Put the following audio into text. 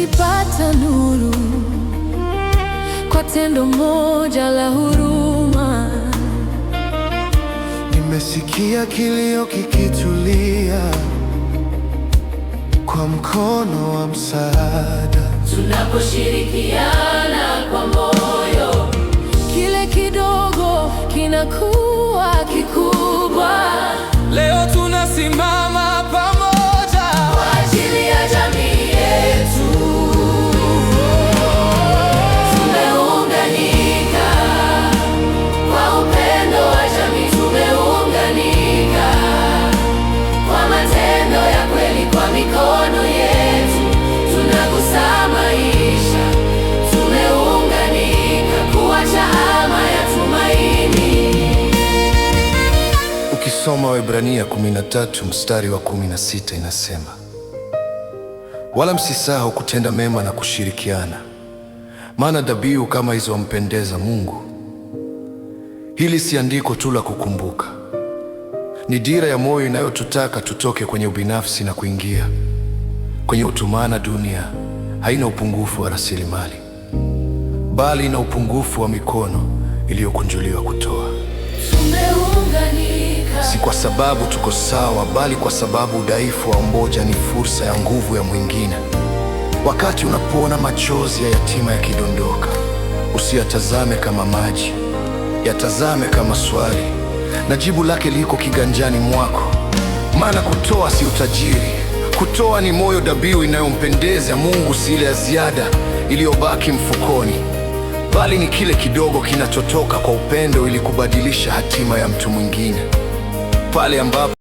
nikipata nuru kwa tendo moja la huruma. Nimesikia kilio kikitulia kwa mkono wa msaada, tunaposhirikiana kwa moyo, kile kidogo kinakuwa kikubwa. Ukisoma Waebrania 13 mstari wa 16 inasema, wala msisahau kutenda mema na kushirikiana, maana dhabihu kama hizo wampendeza Mungu. Hili si andiko tu la kukumbuka, ni dira ya moyo inayotutaka tutoke kwenye ubinafsi na kuingia kwenye utumana. Dunia haina upungufu wa rasilimali, bali ina upungufu wa mikono iliyokunjuliwa kutoa si kwa sababu tuko sawa, bali kwa sababu udhaifu wa mmoja ni fursa ya nguvu ya mwingine. Wakati unapoona machozi ya yatima yakidondoka, usiyatazame kama maji, yatazame kama swali, na jibu lake liko kiganjani mwako. Maana kutoa si utajiri, kutoa ni moyo dhabihu inayompendeza Mungu, si ile ya ziada iliyobaki mfukoni, bali ni kile kidogo kinachotoka kwa upendo ili kubadilisha hatima ya mtu mwingine pale ambapo